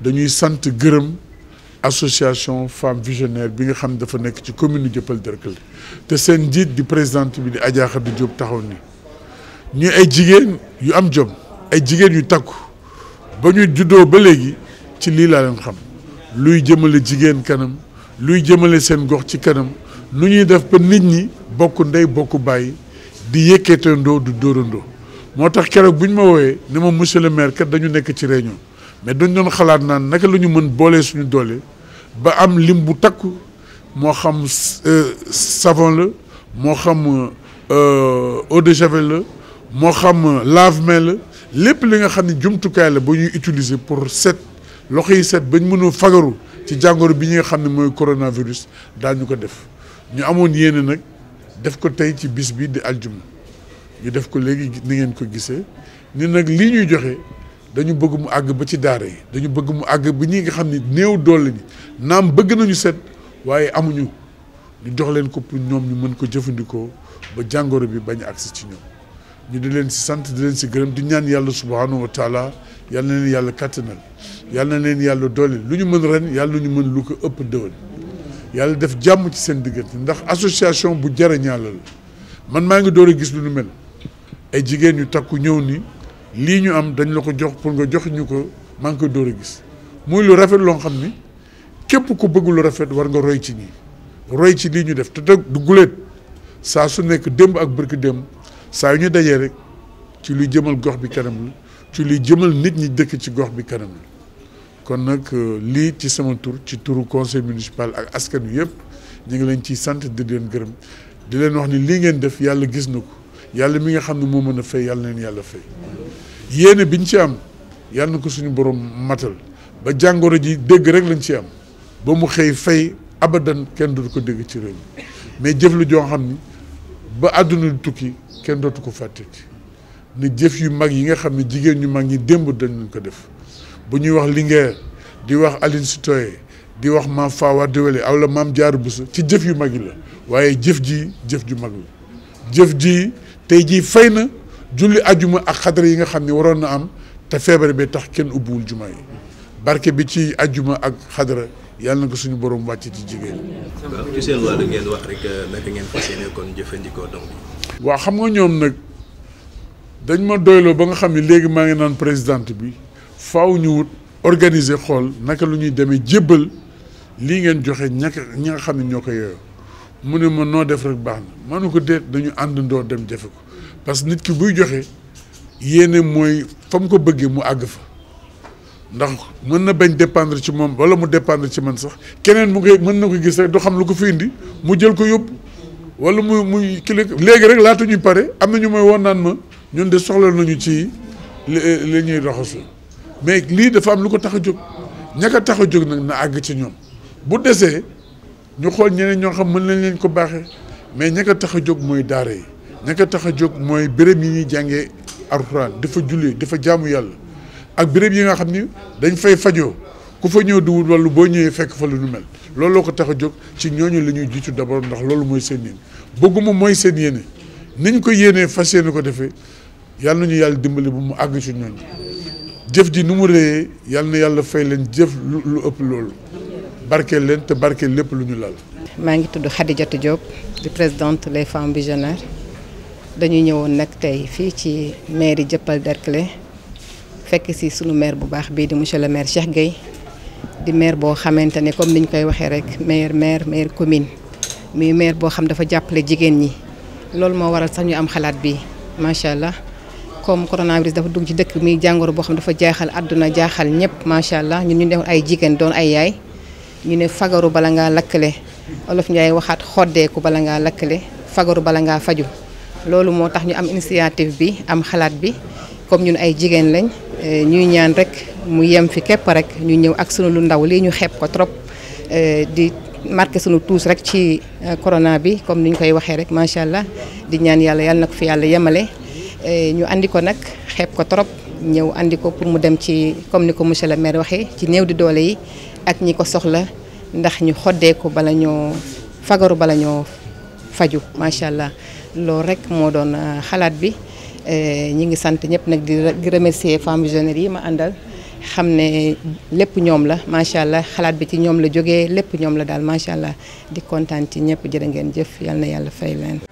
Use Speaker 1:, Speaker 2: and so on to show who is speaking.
Speaker 1: dañuy sant gërëm association femme visionnaire bi nga xam dafa nekk ci commune Dieuppeul Derklé te seen njiit di présidente bi di Adja di Diop taxaw ni ñu ay jigéen yu am jom ay jigéen yu takku ba ñu juddoo ba léegi ci lii laa leen xam luy jëmale jigéen kanam luy jëmale seen gox ci kanam lu ñuy def ba nit ñi bokk ndey bokk bàyyi di yëkkeetandoo du dóorandoo moo tax keroog bu ñu ma wooyee ne ma monsieur le maire kat dañu nekk ci réunion mais dañu doon xalaat naan naka la ñu mën boolee suñu doole ba am lim bu takku moo xam euh, savon la moo xam euh, eau de javel la moo xam lave-mains la lépp li nga xam ne jumtukaay la ba ñuy utiliser pour set loxo yi set ba ñu mën fagaru ci jàngoro bi ñu nga xam ne mooy coronavirus ñu ko def ñu amoon yéene nag def ko tey ci bis bi di aljuma ñu def ko léegi ni ngeen ko gisee ni nag lii ñuy joxe. dañu bëgg mu àgg ba ci daara yi dañu bëgg mu àgg ba ñi nga xam ne néew doole ñi naam bëgg nañu set waaye amuñu ñu jox leen ko pour ñoom ñu mën ko jëfandikoo ba jàngoro bi bañ a agsi ci ñoom ñu di leen si sant di leen si gërëm di ñaan yàlla subhanahu wa taala yàlla na leen yàlla kattanal yàlla na leen yàlla doole lu ñu mën ren yàlla na ñu mën lu ko ëpp dëwën yàlla def jàmm ci seen diggante ndax association bu jariñaa la man maa ngi door a gis lu nu mel ay jigéen yu takku ñëw ni lii ñu am dañ la ko jox pour nga jox ñu ko maa ngi dóor a gis muy lu rafet loo xam ni képp ku bëgg lu rafet war nga roy ci nii roy ci lii ñu def te teg du guleet saa su nekk démb ak bërki démb saa yu ñu dajee rek ci luy jëmal gox bi kanam la ci luy jëmal nit ñi dëkk ci gox bi kanam la kon nag euh, lii ci sama tur ci turu conseil municipal ak askan wi yëpp ñu ngi leen ciy sant di leen gërëm di leen wax ni lii ngeen def yàlla gis na ko yàlla mi nga xam ne moo mën a fay leen yàlla fay. yéene ñu ci am yàlla na ko suñu borom matal ba jàngoro ji dégg rek lañ ci am ba mu xëy fay abadan kenn dootu ko dégg ci réew mi mais jëf lu joo xam ni ba àdduna di tukki kenn dootu ko fàtteti ne jëf yu mag yi nga xam ne jigéen ñu mag ñi démb dañ ko def bu ñuy wax Linguère di wax Aline Sitoé di wax maam Fawa Diwele aw la maam Diarra bus ci jëf yu mag yi la waaye jëf ji jëf ju mag la jëf ji tey jii fay na. julli ajuma ak xadara yi nga xam ne waroon na am te feebar bi tax kenn ubbiwul juma yi barke bi ci ajuma ak xadara yàlla na ko suñu borom wàcc ci jigéen waaw ci
Speaker 2: rek euh, naka ngeen jëfandikoo donc.
Speaker 1: xam nga ñoom nag dañ ma doyloo ba nga xam ne léegi maa ngi naan présidente bi faw ñu wut organiser xool naka lu ñuy demee jébbal lii ngeen joxe ña ñi nga xam ne ñoo ko yeyoo mu ne ma noo def rek baax na manu ko déet dañu àndandoo dem jafe ko parce que nit ki buy joxe yéene mooy fa mu ko bëggee mu àgg fa ndax mën na bañ dépendre ci moom wala mu dépendre ci man sax keneen mu koy mën na ko gis rek du xam lu ko fi indi mu jël ko yóbbu wala mu muy kii léegi rek laata ñu pare am na ñu mooy woon naan ma ñun de soxla nañu ci li ñuy raxasu mais lii dafa am lu ko tax a jóg ñaka tax a jóg nag na àgg ci ñoom bu desee ñu xool ñeneen ñoo xam mën nañ leen ko baaxee mais ña ko tax a jóg mooy daara yi ña tax a jóg mooy béréb yi ñuy jàngee alxuraan dafa julli dafa jaamu yàlla ak béréb yi nga xam ni dañ fay fajoo ku fa ñëw duwul wàllu boo ñëwee fekk fa lu nu mel looloo ko tax a jóg ci ñooñu la ñuy jiitu d'abord ndax loolu mooy seen yéene bëgguma mooy seen yéene ñu ko yéenee fas yéene ko defee yàlla nañu yàlla dimbali bu mu àgg ci ñooñu jëf ji nu mu réyee yàlla na yàlla fay leen jëf lu ëpp loolu barkeel leen te barkeel lépp lu ñu lal.
Speaker 2: maa ngi tudd Khadijatou jot di présidente les femmes visionnaires dañu ñëwoon nag tey fii ci mairie jëppal Derklé fekk si sunu maire bu baax bii di monsieur le maire Cheikh Gueye di maire boo xamante ne comme ni ñu koy waxee rek maire maire maire commune muy maire boo xam dafa jàppale jigéen ñi loolu moo waral sax ñu am xalaat bi macha allah comme coronavirus dafa dugg ci dëkk muy jàngoro boo xam dafa jaaxal àdduna jaaxal ñëpp macha allah ñun ñu def ay jigéen doon yaay. ñu ne fagaru bala ngaa lakkale olof Ndiaye waxaat xoddeeku bala ngaa lakkale fagaru bala ngaa faju loolu moo tax ñu am initiative bi am xalaat bi comme ñun ay jigéen lañ eh, ñuy ñaan rek mu yem fi képp rek ñu ñëw ak sunu lu ndaw lii ñu xeeb ko trop eh, di marqué sunu tuus rek ci eh, corona bi comme ni ñu koy waxee rek macha allah di ñaan yàlla yàlla na ko fi yàlla yemale ñu andi ko nag xeeb ko trop ñëw andi ko pour mu dem ci comme ni ko monsieur le maire waxee ci néew di doole yi ak ñi ko soxla ndax ñu xoddeeku bala ñoo fagaru bala ñoo faju macha allah loolu rek moo doon euh, xalaat bi euh, ñi ngi sant ñëpp nag di remercier femmes visionnaires yi ma àndal xam ne lépp ñoom la macha allah xalaat bi ci ñoom la jógee lépp ñoom la daal macha allah di kontaan ci ñëpp jërë ngeen jëf yal na yàlla fay leen.